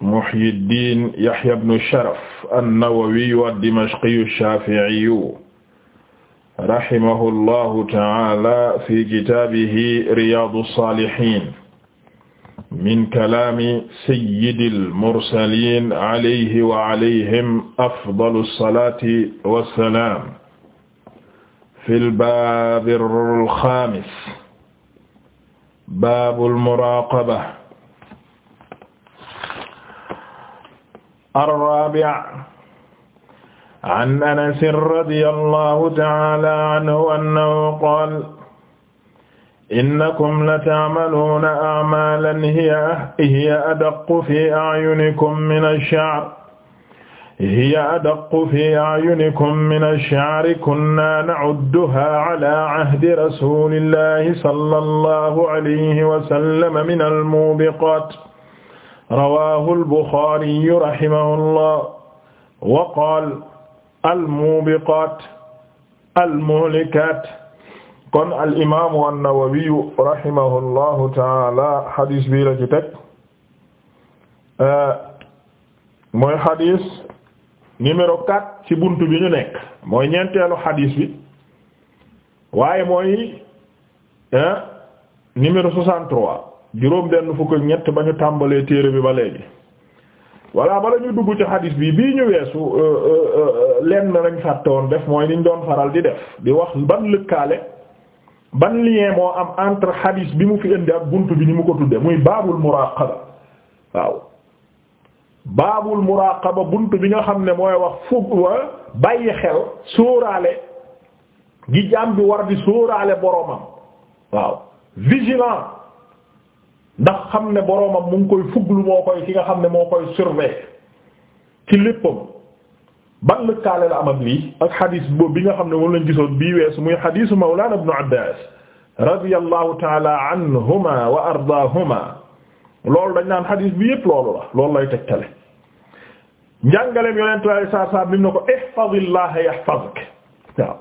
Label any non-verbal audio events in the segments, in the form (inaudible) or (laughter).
Muhyiddin Yahya ibn Sharaf an-Nawawi ad-Dimashqi ash-Shafi'i rahimahullahu ta'ala fi kitaabihi Riyaadu as-Saalihiin min kalaami sayyidil mursaliin alayhi wa alayhim afdalu as-salaati was-salaam fil baabir-khaamis baabul muraaqaba الرابع عن أنس رضي الله تعالى عنه أنه قال إنكم لتعملون أعمالا هي أدق في أعينكم من الشعر هي أدق في أعينكم من الشعر كنا نعدها على عهد رسول الله صلى الله عليه وسلم من الموبقات rawaahu al-Buxaariyu rahimahullah wa qaala al-muubiqaat al-muhlikaat kon al-imaamu an-Nawawiyu rahimahullahu taala xadis bii la ci teg mooy xadis numéro quatre ci bunt bi ñu nekk mooy ñeenteelu xadis bi waaye mooy numéro soixante-trois juróom benn fukk ak ñett ba ñu tàmbalee téere bi ba léegi voilà bala ñu dugg ci xadis bi bii ñu weesu euh, euh, euh, lenn lañ fàtte woon def mooy niñ doon faral di def di wax ban lëkkaale ban lien moo am entre xadis bi mu fi indi ak bunt bi ñu mu ko tuddee muy baabul muraqaba waaw baabul muraqaba bunt bi nga xam ne mooy wax fukk bàyyi xel sóoraale gi jaam bi war di sóoraale boromam waaw vigilant ndax xam ne boroomam mu ngi koy fuglu moo koy ki nga xam ne moo koy surveiller ci léppam ban lëkkaale la am ak lii ak xadiis boobu bi nga xam ne moom lañ gisoon bii weesu muy xadiisu Mawlana Ibnu Abbaas radiyallahu loolu dañ naan xadiis bi yépp loolu la loolu lay tegtale njàngaleem yonent bi alayhi salaatu salaam bi mu ne ko ihfazillaha yahfazuk waaw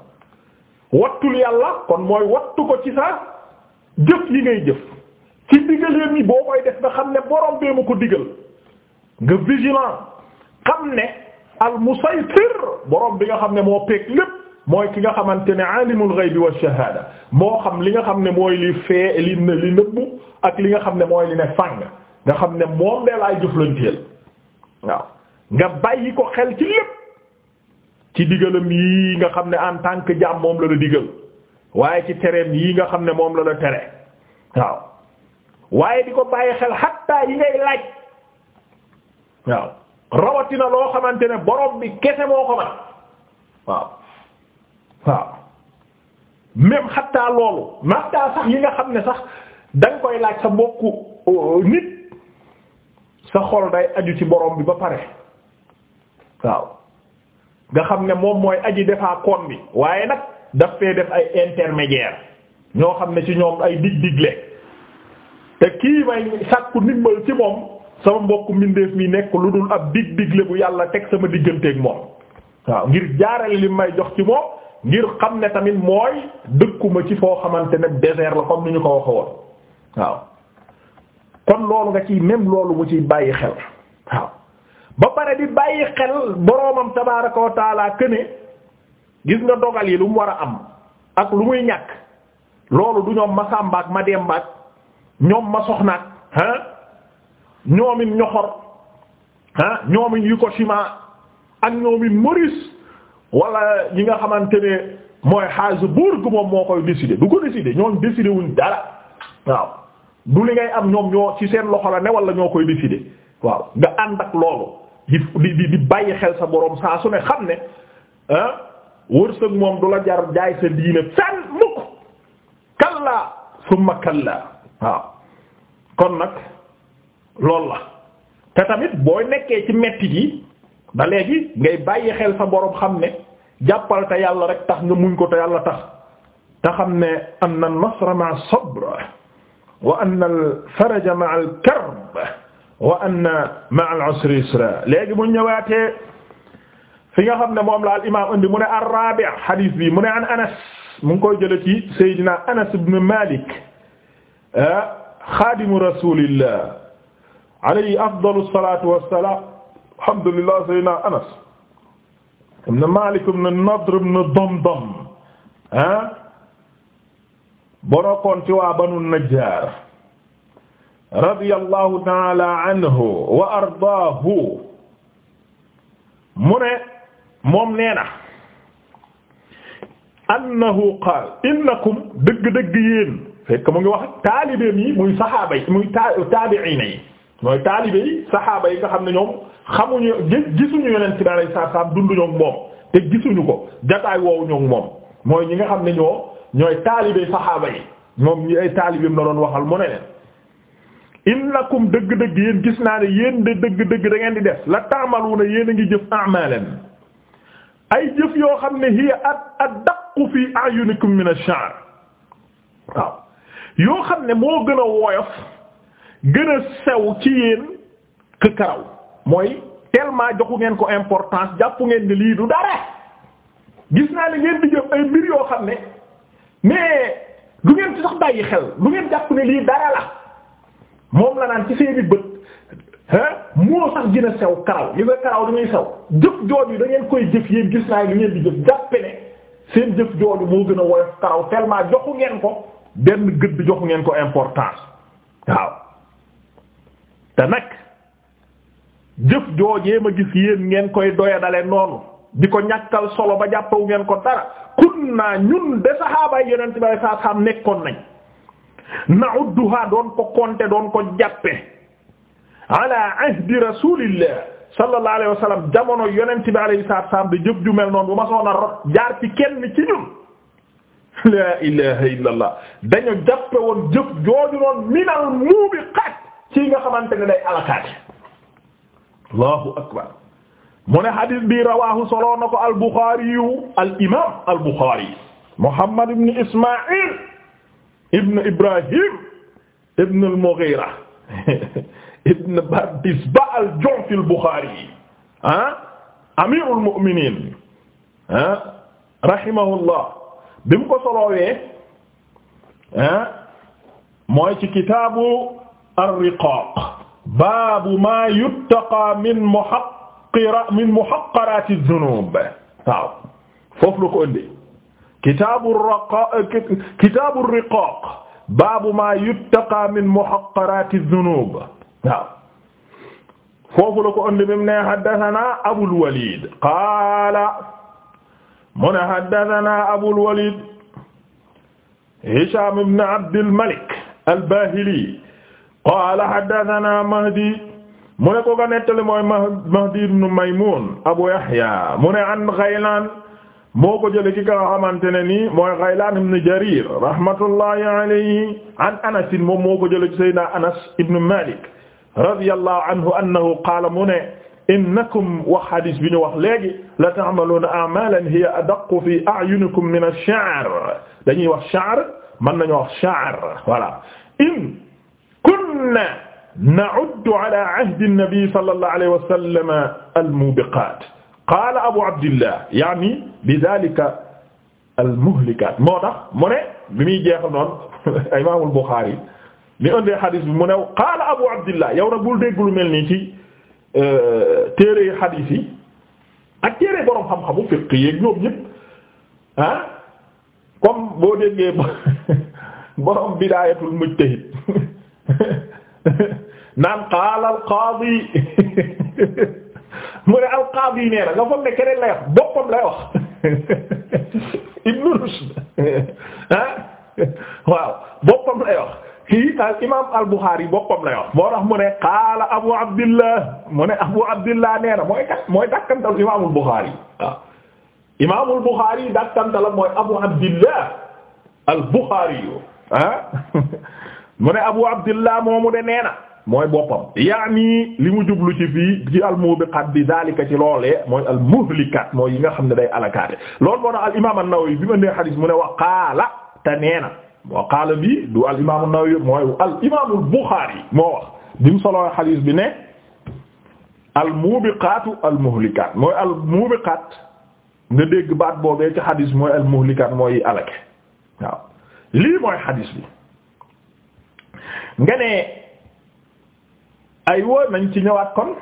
wattul yàlla kon mooy wattu ko ci sa jëf yi ngay jëf ci diggaleen yi boo koy def nga xam ne borom bee ma ko digal nga vigilant xam ne al musaytir borom bi nga xam ne moo peeg lépp mooy ki nga xamante ne alimul ghaybi wa moo xam li nga xam ne mooy li fee li ne li ak li nga xam ne mooy li ne fàng nga xam ne moom de laay jëflanteel waaw nga bàyyi ko xel ci lépp ci digalam yii nga xam ne en tant que jaam moom la la digal waaye ci tereem yii nga xam ne moom la la tere waaw waaye di ko bàyyi xel xatta yi ngay laaj waaw rawatina loo xamante ne borom bi kese moo ko man waaw waaw même xattaa loolu xattaa sax yi nga xam ne sax danga koy laaj sa mbokku euh, nit sa xol day aju ci boroom bi ba pare waaw nga xam ne moom mooy aji defaa koon bi waaye nag daf fee def ay intermédiaire ñoo xam ne ci ñoom ay dig digle te kii may sàkku ndimbal ci moom sama mbokk mbindeef mi nekk lu dul ab dig digle bu yàlla teg sama digganteeg moom waaw ngir jaarale li may jox ci moom ngir xam ne tamit mooy dëkkuma ci foo xamante ne désert la comme ni ñu ko waxe woon waaw kon loolu nga ci même loolu mu ci bàyyi xel waaw ba pare di bàyyi xel boroomam tabaaraka wa këne gis nga dogal yi lu mu war a am ak lu muy ñàkk loolu du ñoom ma sàmbaak ma dembaak ñoom ma soxnaat ah ñoomin ñoxor ah ñoomin Yukushima ak ñoomin Maurice wala ñi nga xamante ne mooy Habsbourg moom moo koy décider du ko décider ñoom décider wuñ dara waaw du li ngay am ñoom ñoo ci seen loxo la ne wala ñoo koy décider waaw nga ànd ak loolu di di di bàyyi xel sa boroom saa su ne xam ne ah wërsëg moom du la jar jaay sa diine fenn mukk kalla summa kalla waaw kon nag loolu la te tamit boo nekkee ci metti gi ba léegi ngay bàyyi xel sa borom xam ne jàppal te yàlla rek tax nga muñ ko te yàlla tax te xam ne anna an-nasra ma'a sabr wa anna al-faraja ma'a al-karb wa anna ma'a al-usri yusra léegi mu ñëwaatee fi nga xam ne moom la al imaam indi mu ne ar-rabi' bi mu ne an Anas mu ngi koy jële ci Seydina Anas ibn Malik Eh? xaadimu rasulillah alayhi afdalu salaatu wassalaam alhamdulillah sayyidina Anas ibn Maalik ibn Nadr ibn Damdam ah eh? borokoon ci waa Banu Najjaar radiyallahu ta'ala anhu wa ardaahu mu ne moom nee na annahu qaal innakum dëgg-dëgg yéen fekk mu ngi wax taalibeem yi muy saxaaba yi muy taabiina yi mooy taalibe yi saxaaba yi nga xam ne ñoom xamuñu gisuñu yonent bi alayhi salaam dunduñu ak moom te gisuñu ko jataay woowuñu ak moom mooy ñi nga xam ne ñoo ñooy taalibe saxaaba yi moom ñi ay taalibeem la doon waxal mu ne leen innakum dëgg-dëgg yéen gis naa ne yéen de dëgg-dëgg da di def la ta'maluna yéen a ngi jëf a'malan ay jëf yoo xam ne hiya at at daqqu fi a'yunikum min yoo xam ne moo gën a woyof gën a sew ci yéen que karaw mooy tellement joxu ngeen ko importance jàppu ngeen ne lii du dara gis naa ne ngeen di jëm ay mbir yoo xam ne mais du ngeen ci sax bàyyi xel du ngeen jàpp ni lii dara la moom la naan ci seeni bët moo sax gën a sew karaw li nga karaw dañuy sew jëf jooju da ngeen koy jëf yéen gis naa ne ngeen di jëf jàppe ne seen jëf jooju moo gën a woyof karaw tellement joxu ngeen ko. benn gëdd jox ngeen ko importance waaw te nag jëf joojee ma gis yéen ngeen koy doyadale noonu di ko ñàkkal solo ba jàppawu ngeen ko dara kunna ñun de saxaabaay yonent bi sallallahu alayhi wasallam nekkoon nañ na'udduha doon ko compter doon ko jàppe ala ahdi rasulillah sallallahu alayhi wasallam jamono yonent bi sallallahu alayhi wasallam da jëf ju mel noonu bu ma soona rot jaar ci kenn ci ñun (laughs) la ilaha illa allah dañu jàppe woon jëf jooju noon minal mubiqat ci nga xamante ne day alakaati allahu akbar mu ne hadis bi rawahu soloo na ko al-Bukhari yu al imam al-Bukhari Muhammad ibn Isma'il ibn Ibrahim ibn al-Mughira (laughs) ibn Bardizba al-Ju'fi al-Bukhari ah amirul mu'minin ah rahimahullah bi mu ko soloowee ah, mooy ci kitaabu ar-riqaaq baabu maa yuttaqa min muhaqqira min muhaqqaraati az-zunuub waaw foofu la ko ëndi kitaabu ar-riqaaq kitaabu ar-riqaaq baabu maa yuttaqa min muhaqqaraati az-zunuub waaw foofu la ko ëndi bi mu ne haddathanaa Abul Waliid qaala mu ne haddathana Abul Walid Hisham ibn Abdul Malik al-Bahili qaala haddathana Mahdi mu ne ko ko nettali mooy Mahdi ibn Maymun Abu Yahya mu ne an Ghaylan moo ko jëlee ki nga xamante ne nii mooy Ghaylan ibn Jarir rahmatullahi alayhi an Anas moom moo ko jëlee ci Sayyidina Anas ibn Malik radiyallahu anhu annahu qaala mu ne innakum wax hadis bi ñu wax léegi la ta'maluna a'malan hiya adaqqu fi a'yunikum min ash-sha'r dañuy wax sha'r mën nañu wax sha'r voilà in kunna na'uddu ala ahdi an-nabi sallallahu alayhi wa sallam al-mubiqat qaala abu abdillah ya'ni bidhalika al-muhlikat moo tax mu ne bi muy jeexal noonu (laughs) imaam al-Bukhari li ëndee hadis bi mu ne qaala abu abdillah yow nag bul dégg lu mel nii ci Euh, téere yi xadiis yi ak téere boroom xam-xamu fiq yeeg ñoom ñëpp ah comme boo déggee (laughs) boroom bidaayatul mujtahid (laughs) naan qaala al qaadi (laughs) mu ne al qaadi nee na nga foog ne keneen lay wax boppam lay wax Ibn Rushd ah, waaw boppam lay kii al imaam al Buxaari boppam la yor moo tax mu ne qaala Abu Abdillah mu ne Abu Abdillah nee na mooy kat mooy dakkantal imaamul Buxaari waaw imaamul al Buxaari ah (laughs) mu ne Abu Abdillah moomu de nee na mooy boppam yaani li mu jublu ci fii al-mubiqat bi daalika ci loolee mooy al-muhlikat mooy yi nga xam ne day alakaate loolu moo tax al imaam an-Nawawi bi ma nee xadis mu ne wa qaala te nee moo qaala bi du al imaamu Nawawi mooy al imaamul moo wax bi mu solo xadiis bi ne al muubiqaatu al muhlikaat mooy al dégg baat boobee ci xadiis mooy al muhlikaat mooy lii mooy xadiis bi nga ne ay woo nañ ci ñëwaat kon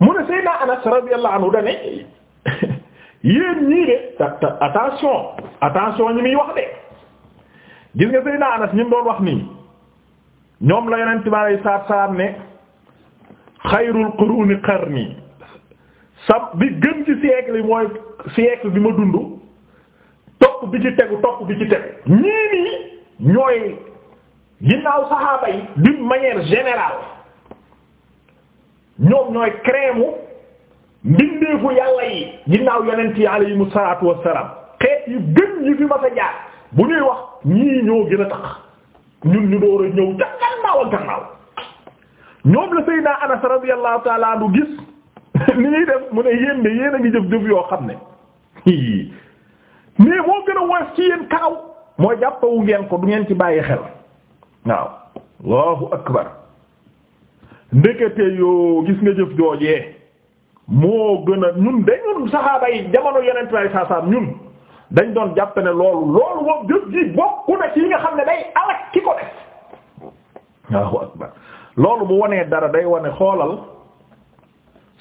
mu ne Seydina Anas radiyallahu dane (laughs) yéen ñii de attention attention ñi muy wax de gis nga Seydina Anas ñi mu doon wax nii ñoom la yonent bi alayhi salaam ne xayrul quruni qarni sab bi gën ci siècle yi mooy siècle bi ma dund topp bi ci tegu topp bi ci tegu ñii nii ñooy ginnaaw saxaaba yi d'une manière générale ñoom ñooy crème mbindeefu yàlla yi ginnaaw yonent yi alayhimu salaatu wassalaam xeet yu gën yi fi ma sa jaar bu ñuy wax ñii ñoo gën a tax ñun ñu door a ñëw ca gannaaw ak gannaaw ñoom la Seydina Anas radiyallahu ta'ala gis (laughs) ni ñuy mu ne yéen de a ngi jëf jëf yoo xam ne (laughs) mais moo gën a woyof ci yéen kaaw moo jàppawu ngeen ko du ngeen ci bàyyi xel waaw Allahu akbar ndekete yoo gis nga jëf joojee moo gën a ñun de ñun saxaaba yi jamono yonent bi sallallahu ñun dañ doon jàpp ne loolu loolu moom jëf ji bokku na ci yi nga xam ne day alak ki ko def loolu bu wanee dara day wane xoolal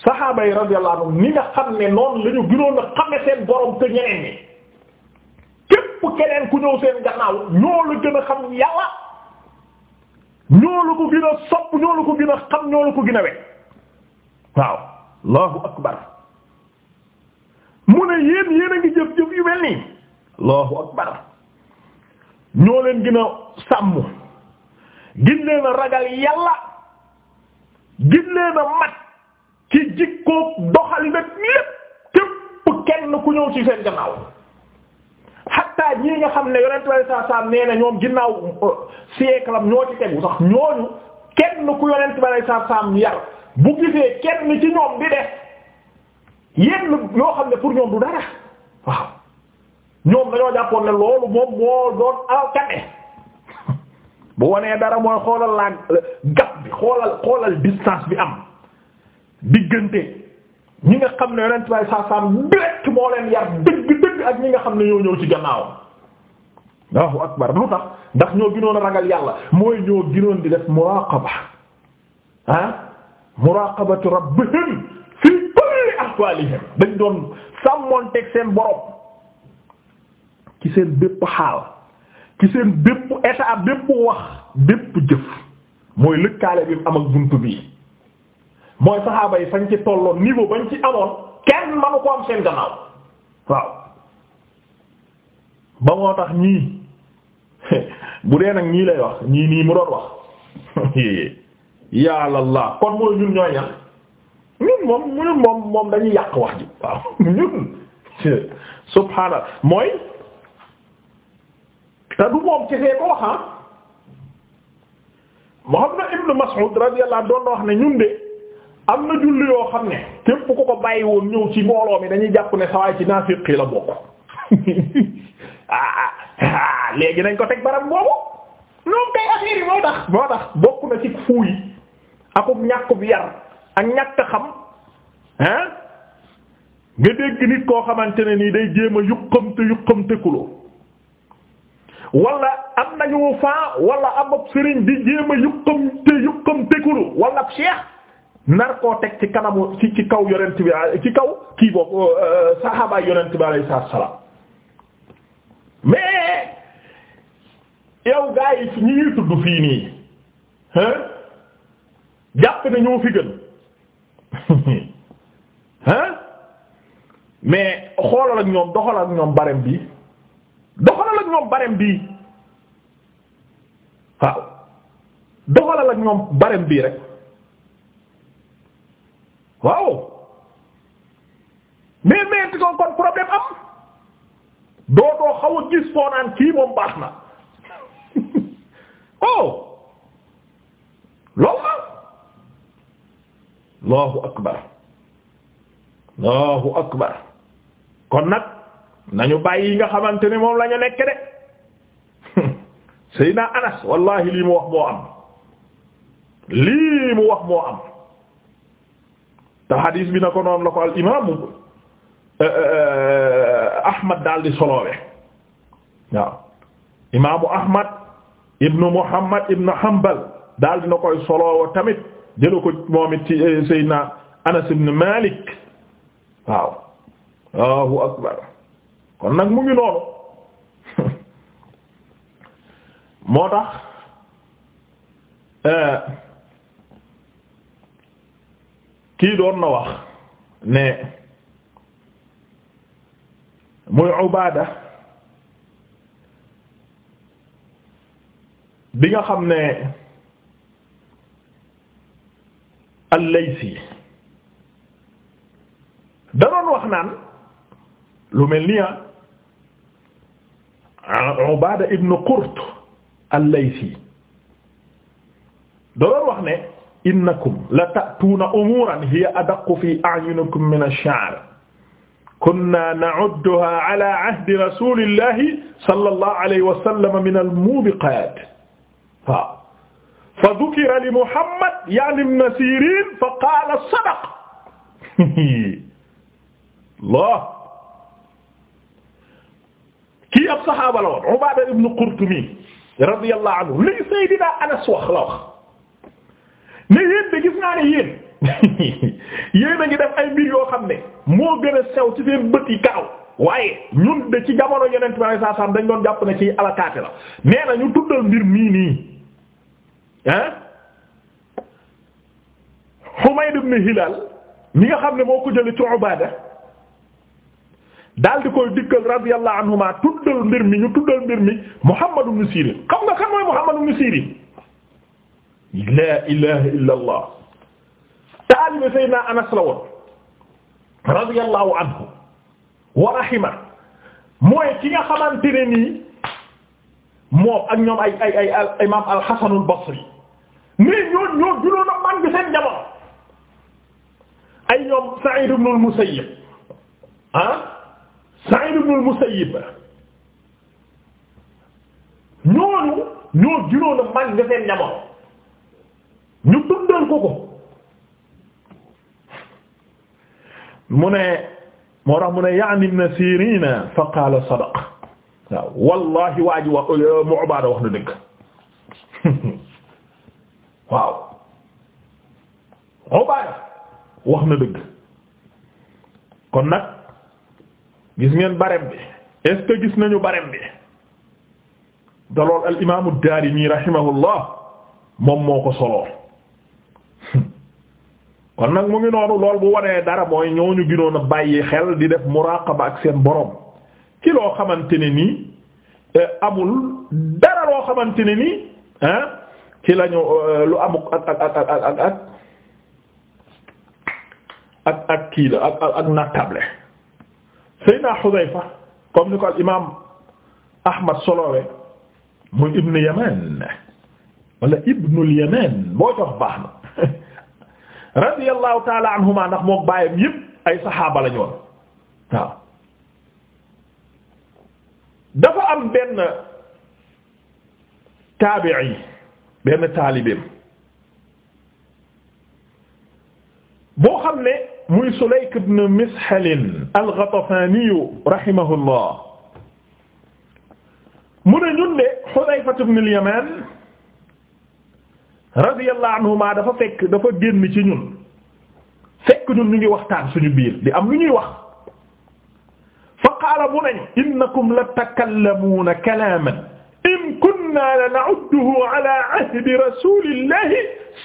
saxaaba yi radiyallahu anhum ni nga xam ne noonu la ñu gënoon a xame seen borom te ñeneen ñi képp keneen ku ñëw seen gannaaw ñoo la gën a xam yàlla ñoo la ko gën sopp ñoo la ko gën xam ñoo la ko gën we waaw allahu akbar mu ne yéen yéen a ngi jëf jëf yu mel nii allahu akbar ñoo leen gën a sàmm gin leen ragal yàlla gin leen a mat ci jikkoog doxal nag lépp képp kenn ku ñëw ci seen gannaaw xatta ñii nga xam ne yonent bi saa saa nee na ñoom ginnaaw euh, siècle am ñoo ci tegu sax ñooñu kenn ku yonent bi saa saa yar bu gisee kenn ci ñoom di def yenn yoo xam ne pour ñoom du dara waaw ñoom dañoo jàppoon ne loolu moom moo doon alkane (laughs) bu wanee dara mooy xoolal laa gap bi xoolal xoolal distance bi am diggante ñi nga xam ne yonent bay saasaam direct moo leen yar ñi nga xam ne ñoo ñëw ci gannaaw Allahu akbar lu tax ndax ñoo ginoon a ragal yàlla mooy ñoo ginoon di def muraqaba ah rabbihim ahwalihim dañ doon sàmmoon teg seen borom ci seen bépp xaal ci seen bépp état bépp wax bépp jëf mooy lëkkaale bi mu am ak buntu bii mooy saxaaba yi fañ ci tolloon niveau bañ ci amoon kenn manu ko am seen gannaaw waaw ba moo tax ñii (laughs) bu dee nag ñii lay wax ñii nii mu doon wax (laughs) yàlla la kon mooy ñun ñooy ñan ñun moom ñun moom moom dañuy yàq wax ji waaw (laughs) ñun subhaana mooy te du moom kesee ko wax ah Muhammad ibn Mas'ud radiyallahu doon na wax ne ñun de am na julli yoo xam ne képp ko ko bàyyi woon ñëw ci mbooloo mi dañuy jàpp ne sawaay ci naafiq la bokk (laughs) ah, ah ah léegi nañ ko teg barab boobu ñoom kay affaire moo tax moo tax bokk na ci fuuy akub ñàkkub yar ak ñàkk xam ah nga dégg nit koo xamante ne nii day jéem a yuqamte yuqamte kuloo wala am nañu faa wala abab sëriñ di jéem a yuqamte yuqamte kuloo wala ab cheikh nar koo teg ci kanamu ci kaw yonent bi ah, ci kaw kii boobu euh, euh, saxaabaay yonent bi alayhi salaam mais yow gaa yi ñi ñuy tudd fii nii ah jàpp na ñoo fi gën. (laughs) hein mais xoolal ak ñoom doxal ak ñoom barem bi doxalal ak ñoom barem bi waaw doxalal ak ñoom barem bi rek waaw mais mais ko kon problème am doo doo xaw a gis foo naan kii moom baax na (laughs) oh loolu allahu akbar allahu akbar kon nag nañu bàyyi yi nga xamante ne moom la ñu nekk de (laughs) Seydina Anas wallahi lii mu wax moo am lii mu wax moo am bi na ko noonu la ko al imaamu euh, euh, euh, Ahmad daal di soloowe waaw imaamu Ahmad ibnu Muhammad ibnu Hanbal daal dina koy soloowo tamit jëla ko moom it ci eh, Anas ibn Malik waaw Allahu akbar kon nag mu ngi noonu (laughs) moo tax eh, kii doon na wax ne muy Ubaada bi nga xam ne al-Laysi da doon wax naan lu mel ni ah, Ubaada ibn Qurt al-Laysi da doon wax ne innakum la ta'tuuna umuuran hiya adaqqu fi a'yunikum min ash-sha'r kunna na'udduha ala ahdi rasulillahi sallallahu alayhi wa sallam min al-muubiqaat waaw fa dhukira li Muhammad ya'ni ibn Sirin fa qaala sadaq Allah (laughs) kii ab saxaaba la woon Ubaada ibn Qurtumi radiyallahu anhu li Seydina Anas wax la wax ne yéen de gis naa ne yéen (laughs) yéen a ngi def ay mbir yoo xam ne moo gën a sew ci seen bët yi karaw waaye ñun de ci jamono Yonent bi sallallahu alayhi wasallam dañ doon jàpp ne ci alakaate la nee na ñu tuddal mbir mii nii. ah Humayd ibn Hilal mi nga xam ne moo ko jële ci Ubaada daal di koy dikkal radiyallahu anhuma tuddal mbir mi ñu tuddal mbir mi Muhammad ibn Sirin xam nga kan mooy Muhammad ibn Sirin la ilaha illa allah taalibe Seydina Anas la woon radiyallahu anhu wa rahima mooy ki nga xamante ne nii moom ak ñoom ay ay ay ay imaam al-Hasanul Basri mais ñoo ñoo juróom a man bi seen jamono ay ñoom Sa'id ibn al-Musayyib ah Sa'id ibn al-Musayyib ñooñu ñoo juróom a man bi seen jamono ñu dundal ko ko mu ne moo tax mu ne ya'ni Ibn Sirina fa qaala sadaq waaw wallahi waa ji wax euh, euh, mu Ubaada wax na dëgg (laughs) waaw Ubaada wax na dëgg kon nag gis ngeen barem bi est gis nañu barem bi da lool al imaamu ad-Daarimi rahimahullah moom moo ko soloo (laughs) kon nag mu ngi noonu lool bu wanee dara mooy ñooñu ginoon a bàyyi xel di def muraqaba ak seen boroom ci loo xamante ne nii eh, amul dara loo xamante ne nii ah ci lañu eh, lu amuk ak ak ak ak ak ak ak kii la ak ak nattable Seydina Xudayfa comme ni ko al imaam Ahmad solowee muy Ibnu Yaman wala Ibnul Yaman boo tax baax na (laughs) radiyallahu taala anhuma ndax moom bàyyam yépp ay saxaaba lañu woon waaw dafa am benn taabi'i benn taalibeem boo xam ne muy Sulayk ibn Mishal al-Ghatafani rahimahullah mu ne ñun de Hudayfa ibn al-Yaman radiyallahu anhuma dafa fekk dafa génn ci ñun fekk ñun ñu ngi waxtaan suñu biir di am lu ñuy wax qaala mu nañ innakum la takallamuuna kalaaman in kunna la na'udduhu ala ahdi rasulillahi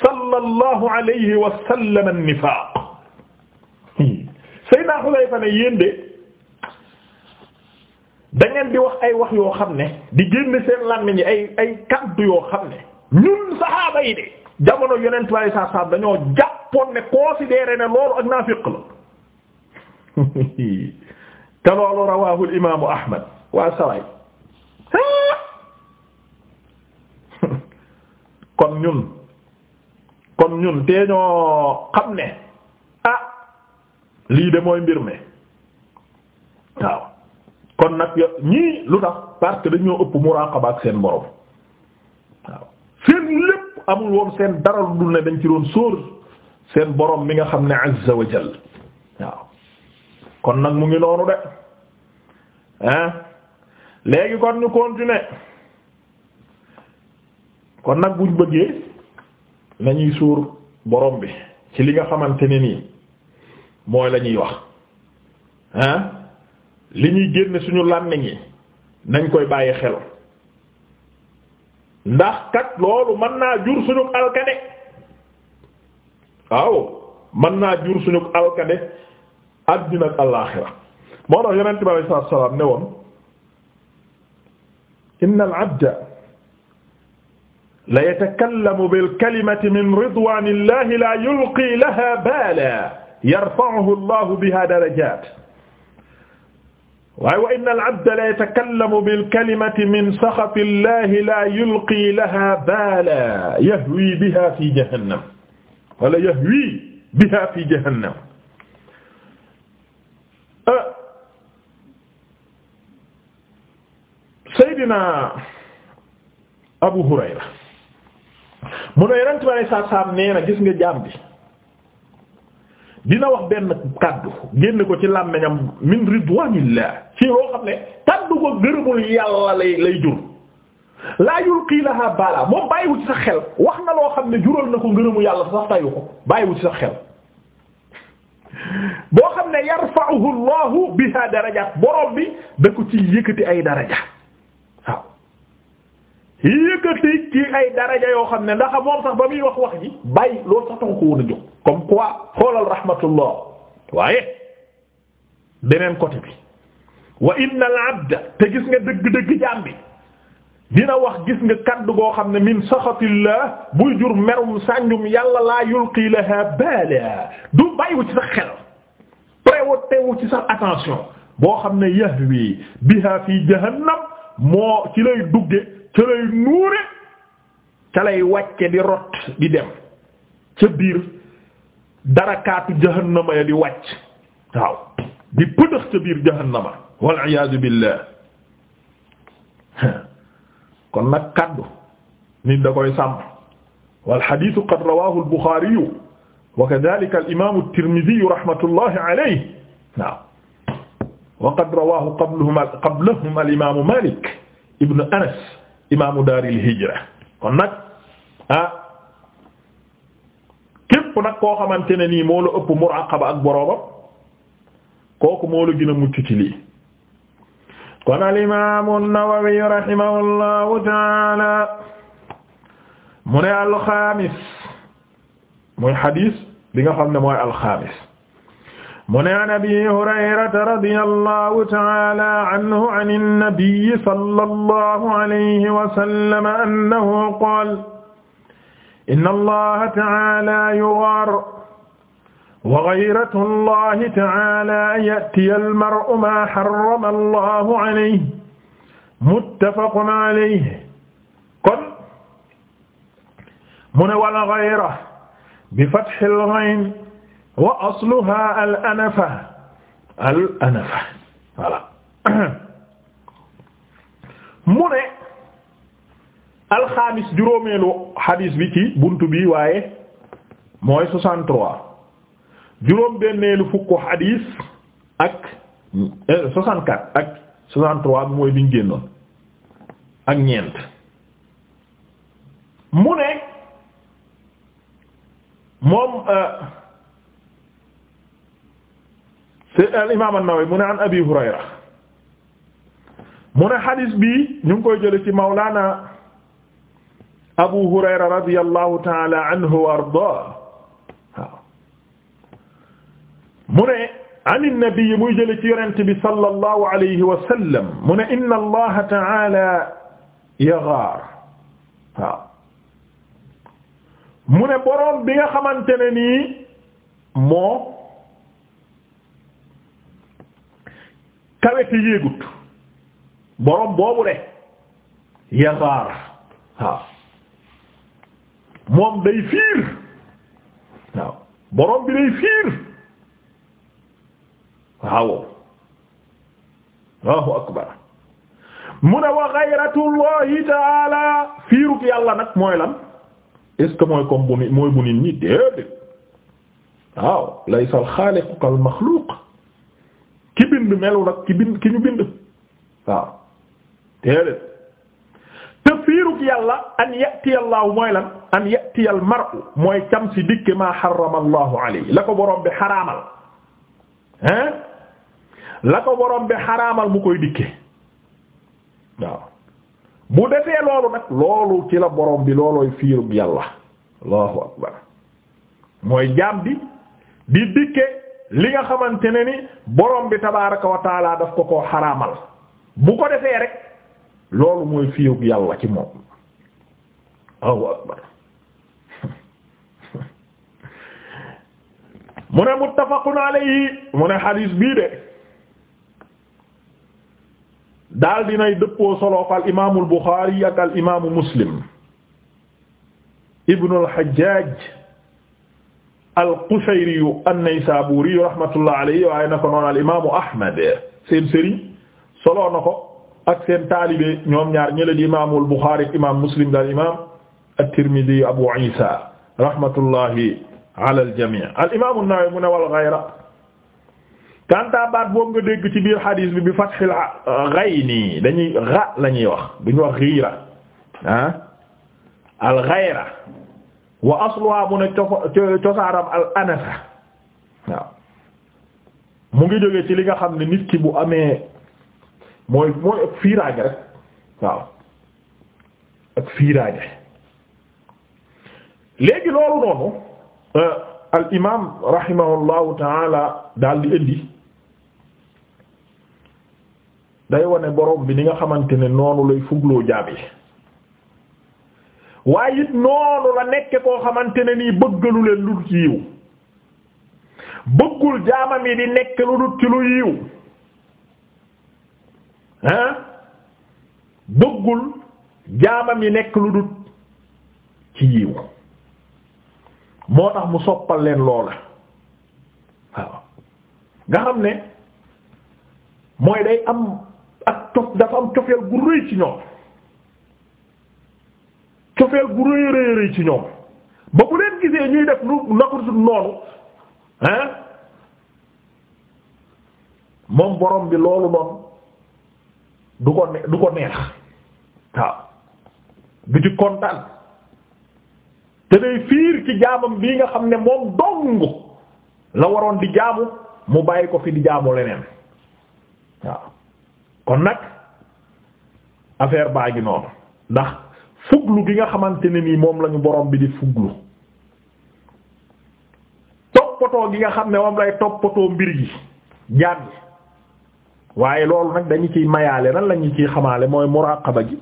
sallallahu alayhi wa sallam an-nifaaq Seydina Xudayfa ne yéen de da ngeen di wax ay wax yoo xam ne di génn seen làmmiñ ay ay kaddu yoo xam ne ñun saxaaba yi de jamono yonent bi saa saa dañoo jàppoon ne considéré ne loolu ak naafiq la (laughs) te loolu rawaahu imaamu Ahmad waa saway (laughs) kon ñun kon ñun tee ñoo xam ne ah lii de mooy mbir mi waaw kon nag yo- ñii lu tax parce que dañoo ëpp muraqaba seen borom waaw seen lépp amul woon seen dara lu dul ne dañ ci doon sóor seen borom mi nga xam ne azza waaw kon nag mu ngi noonu de hein léegi kon ñu continuer kon nag buñ bëggee nañuy suur borom bi ci li nga xamante ne nii mooy la ñuy wax hein li ñuy génn suñu làmmiñ yi nañ koy bàyyi xel ndax kat loolu man naa jur suñu alkade waaw mën naa jur suñu alkade àddina ak alaaxira moo tax yonent bi alayhi salaatu salaam ne woon inna al-abda la yatakallamu bil kalimati min ridwaanillahi laa yulqii lahaa baalan yarfa'uhu llaahu bihaa darajaat waaye wa inna al-abda la yatakallamu bil kalimati min saxatillahi laa yulqii lahaa baalan yahwii bihaa fii jahannam wala yahwii bihaa fii jahannam Seydina Abu Hurayra mu ne yonent bi alayhi salaatu salaam nee gis nga jaam dina wax benn kaddu génn ko ci làmmiñam min ridwaanillah ci loo xam ne kaddu ko gërëmul yàlla lay lay jur laa yulqii lahaa baalaa moom bàyyiwu ci sa xel wax na loo xam ne jural na ko ngërëmu yàlla sax tayu ko bàyyiwu ci sa xel boo xam ne yarfa'uhu Allahu bihaa darajaat borom bi da ko ci yëkkati ay daraja yëkkati ci ay daraja yoo xam ne ndax moom sax ba muy wax wax ji bàyyi loolu sax tax ko woon a jóg comme quoi xoolal rahmatullah waaye beneen côté bi wa inna al abda te gis nga dëgg-dëgg jaam bi dina wax gis nga kaddu goo xam ne min saxatillah buy jur merum sànjum yàlla laa yulqi laha bala du bàyyiwu ci sax xel préwotewu ci sax attention boo xam ne yahwi biha fi jahannam moo ci lay dugge ca lay nuure ca lay wàcce di rot di dem ca biir darakaatu jahannama ya di wàcc waaw di pëtëx ca biir jahannama wal iyaadu billah (laughs) kon nag kaddu nit da koy sàmm wal hadiisu qad rawaahu al Buxaari wa kadaalika al imaamu at-Tirmidi rahmatullahi alayhi waaw wa qad rawaahu qablahum qablahum al imaamu Maalik ibn Anas imaamu daaril hijra kon nag ah képp nag koo xamante ne nii moo la ëpp muraqaba ak boroomam kooku moo la gën a mucc ci lii kon al imaamu an-Nawawi rahimahullahu taala mu ne alxaamis muy xadiis bi nga xam ne mooy alxaamis mu ne an abi hurayrata radiyallahu ta'ala anhu an an-nabiyyi sallallahu alayhi wa sallam annahu qaala inna allaha ta'ala yughaaru wa ghayratu allahi ta'ala an ya'tiya al-mar'u maa harrama allahu alayhi muttafaqun alayhi kon mu ne wala ghayra bi fathil ghayn wa asluha al anafa al anafa voilà mu ne alxaamis juróomeelu xadiis bi ci buntu bi waaye mooy 63 juróom benneelu fukku xadiis ak 64 eh, ak 63 bi mooy biñ génnoon ak ñeent mu ne moom. Euh, al imaam an-Nawawi mu ne an Abi Hurayra mu ne xadis bi ñu ngi koy jële ci Mawlana Abu Hurayra radiyallahu ta'ala anhu wa ardaa mu ne an an-nabi muy jële ci yonent bi sallallahu alayhi wa sallam mu ne inna Allaha ta'ala yaghaar waaw mu ne boroom bi nga xamante ne nii moo kawe te yéegut borom boobu de yaxaar waaw moom day fiir waaw borom bi day fiir waaw Allahu akbar mu ne wa xayratullahi taala fiirut yàlla nag mooy lan est-ce que mooy comme mooy bu nit ñi déedéet waaw laysa al xaaliqu kal bind melul ak ki bind ki ñu bind waaw te fiirug yàlla an yati allaahu mooy lan an yati al mooy cam dikke maa xarama allahu alayhi la ko boroom bi xaraamal hein la ko boroom bi xaraamal mu koy dikke waaw bu defee loolu nag loolu ci la boroom bi loolooy fiirug yàlla allahu akbar mooy jaam bi dikke li nga xamante ne ni borom bi tabaaraka wa taala daf ko koo xaraamal bu ko defee rek loolu mooy fiiw yàlla ci moom Allahu akbar (laughs) mu ne muttafaqun alayhi mu ne xadiis bii de daal dinay dëppoo soloof al imaamul ak al Muslim ibnul Hajjaaj al-Qushayri an-Naysaburi rahmatullah alayhi waaye na ko Ahmad seen solo na ak seen taalibe ñoom ñaar ñële di imaamul Bukhari imaam Muslim daal imaam at-Tirmidhi Abu Isa rahmatullahi al-jami' al-imaamu an wal ghayra kanta baat boobu nga dégg ci biir hadis bi bi fathil ghayni dañuy ra la ñuy wax duñu ah, al-ghayra wa asluha mu ne cosaaram al anasa waaw mu ngi jógee ci li nga xam ne nit ki bu amee mooy mooy ak fiiraange rek waaw ak fiiraange léegi loolu noonu euh, al imaam rahimahullahu taala daal di indi day wane borom bi ni nga xamante ne noonu lay fugloo jaab waaye it noonu la nekk koo xamante ne nii bëggalu leen lu dul ci yiw bëggul jaamam yi di nekk lu dul ci lu yiw ah bëggul jaamam yi nekk lu dul ci yiw moo tax mu soppal leen loola waaw nga xam ne mooy day am ak cof dafa am cofeel gu rëy ci ñoom cofeel gu rëy rëy ci ñoom ba bu leen gisee ñuy def lu naxursu noonu hein moom borom bi loolu noonu du ko ne du ko neex waaw du ci kontaan te day fiir ci jaamam bii nga xam ne moom dong la waroon di jaamu mu bàyyi ko fi di jaamu leneen waaw kon nag affaire baa gi noonu ndax fuglu gi nga xamante ne nii moom lañu borom bi di fuglu toppatoo gi nga xam ne moom lay toppatoo mbir gi jaam waaye loolu nag dañu kiy mayaale nan lañu ciy xamaale mooy muraqaba gi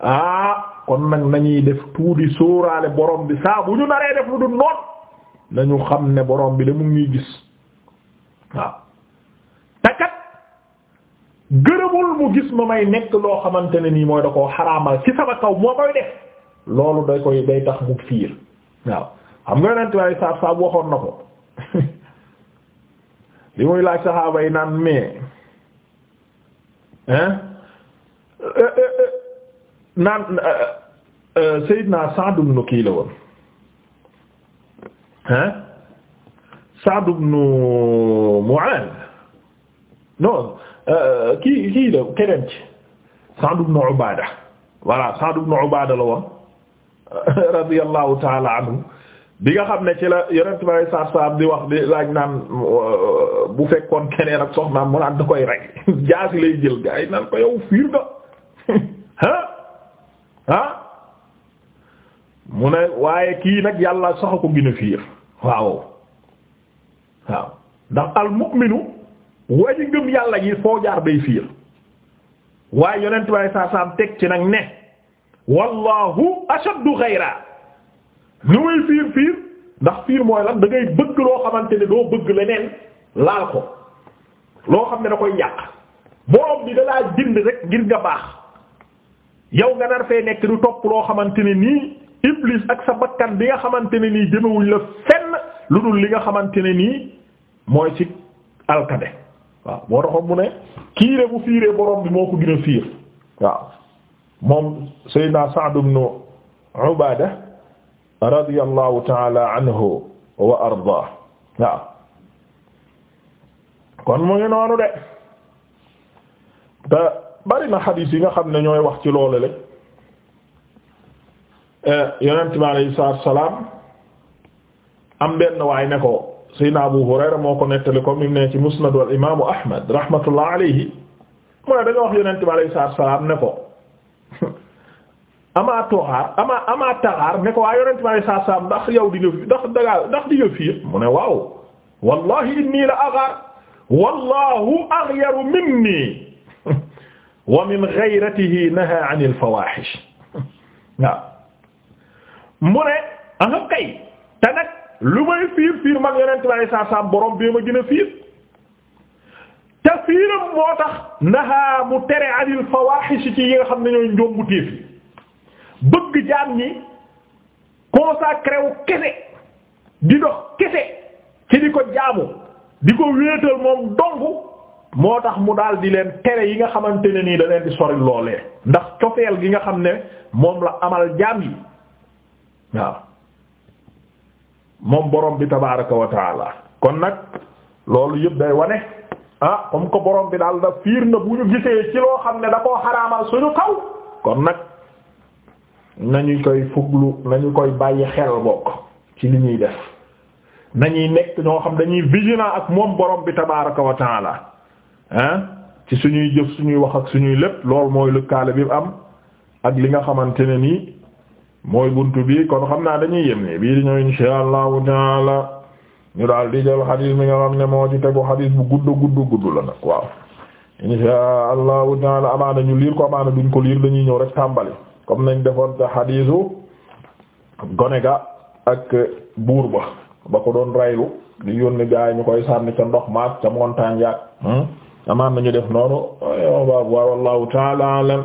ah kon nag nañuy def tuuti sóoraale borom bi saa bu ñu naree def lu dul noon nañu xam ne borom bi la mu ngi gis waaw gërëmul mu gis ma may nekk loo xamante ne nii mooy da koo xaraamal ci sama kaw moo koy def loolu day koy day tax mu fiir waaw xam nga yonent bi saa saa waxoon na ko (laughs) li muy laaj saxaaba naan mais hein euh, euh, euh, naan Seydina Sa'd ibn kii la woon hein Sa'd ibn Euh, kii kii la keneen ci Sa'd ibn Ubaada voilà Sa'd ibn Ubaada la woon (laughs) radiyallahu taala anhu bi nga xam ne ci la yonent bi alayhi salaatu di wax di laaj naan euh, bu fekkoon keneen ak soxnaam mu naan da koy rey (laughs) jaasi lay jël gaa yi naan ko yow fiir nga (laughs) ah ah mu ne waaye kii nag yàlla sax ko gën a fiir waaw waaw ndax al waji yàlla yi foo jaar day fiir waaye yonent bi saa saam teg ci nag ne wallahu ashaddu xayra nu muy fiir fiir ndax fiir mooy lan da bëgg loo xamante ne doo bëgg leneen laal ko loo xam ne da koy yàq borom bi da laa rek ngir nga baax yow nga nar fee nekk du topp loo xamante ne nii iblis ak sa bakkan bi nga xamante ne nii jëmewuñ la fenn lu dul li nga xamante ne nii mooy ci alkade waaw moo taxoon mu ne kii bu fiiree borom bi moo ko gën a fiir waaw moom Seydina Sa'd ibn Ubaada radiyallahu ta'ala nga xam ne ñooy wax ci loolu le eh, am benn waay ne ko Seydina Abu Hurayra moo ko nettali comme ni mu ne ci Musnad wal imaamu Ahmad rahmatullah alayhi mu ne dañoo wax Yonent bi alayhi salaatu wa salaam ne ko (laughs) amaa toxaar amaa amaa taxaar ne ko waa Yonent bi alayhi salaatu wa salaam ndax yow di nga fi ndax dangaa ndax di nga fi mu ne waaw wallahi inni la aghaar wallahu aghyaru minni (laughs) wa min ghayratihi nahaa 'anil fawaahish (laughs) waaw mu ne ah kay te nag lu may fiir fiir man yonent bi alay saa saam borom bee ma gën a fiir te fiiram moo tax naha mu tere anil fawaaxis ci yi nga xam ne ñooy njombu téef bëgg jaam yi consacré wu kese di dox kese ci di ko jaamu di ko wéetal moom dong moo tax mu daal di leen tere yi nga xamante ne nii da leen di sori loolee ndax cofeel gi nga xam ne moom la amal jaam yi waaw moom borom bi tabaaraka wa taala kon nag loolu yëpp day wane ah comme que borom bi daal da fiir na bu ñu gisee ci loo xam ne da koo xaraamal suñu kaw kon nag nañu koy fuglu nañu koy bàyyi xel bokk ci li ñuy def nañuy nekk ñoo xam dañuy vigilant ak moom borom bi tabaaraka wa taala ah, ci suñuy jëf suñuy wax ak suñuy lépp lool mooy lëkkaale bi am ak li nga xamante ne nii mooy buntu bi kon xam naa dañuy yem ni bii di ñëw insha allahu taala ñu daal di jël xadis mi nga xam ne moo ci tegu xadis bu gudd gudd gudd la nag waaw insha allahu taala amaana ñu liir ko amaana duñ ko liir dañuy ñëw rek tàmbali comme nañ defoon te xadisu gone ga ak buur ba ba ko doon raylu di yónni gaay ñu koy sànni ca ndox maak ca montagne yaak hmm? amaan nañu def noonu waaw waaw wallahu taala alam